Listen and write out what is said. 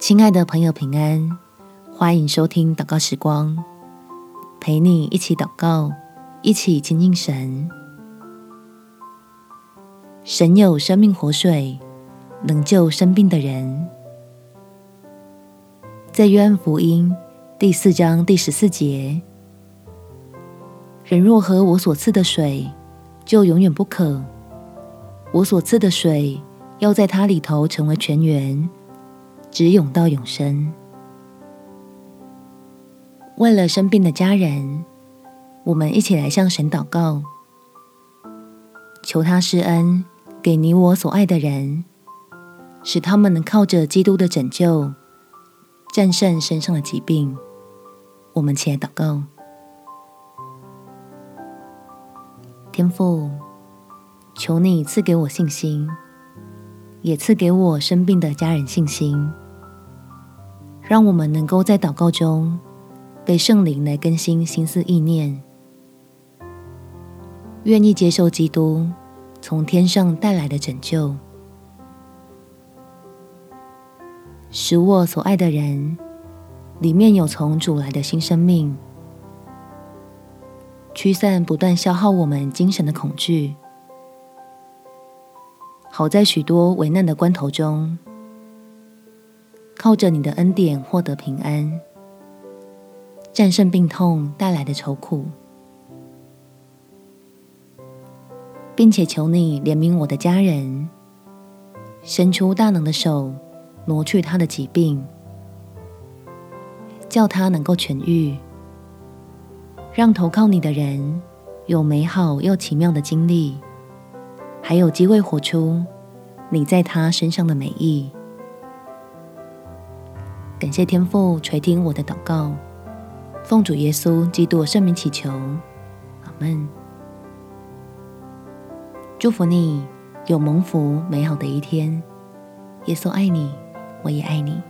親愛的朋友，平安！歡迎收聽禱告時光，陪你一起禱告，一起親近神。神有生命活水，能救生病的人。在約翰福音第四章第十四節，人若喝我所賜的水，就永遠不渴。我所賜的水，要在他裡頭成為泉源。直湧到永生。為了生病的家人，我們一起來向神禱告，求他施恩給你我所愛的人，使他們能靠着基督的拯救，戰勝身上的疾病。我們起來禱告，天父，求你賜給我信心，也賜給我生病的家人信心。讓我們能夠在禱告中，被聖靈來更新心思意念，願意接受基督從天上帶來的拯救，使我所愛的人裡面有從主來的新生命，驅散不斷消耗我們精神的恐懼，好在許多危難的關頭中，靠着你的恩典獲得平安，戰勝病痛帶來的愁苦，並且求你憐憫我的家人，伸出大能的手，挪去他的疾病，叫他能夠痊癒，讓投靠你的人有美好又奇妙的經歷，還有機會活出你在他身上的美意。感謝天父垂聽我的禱告，奉主耶穌基督聖名祈求，阿門。祝福你有蒙福美好的一天，耶穌愛你，我也愛你。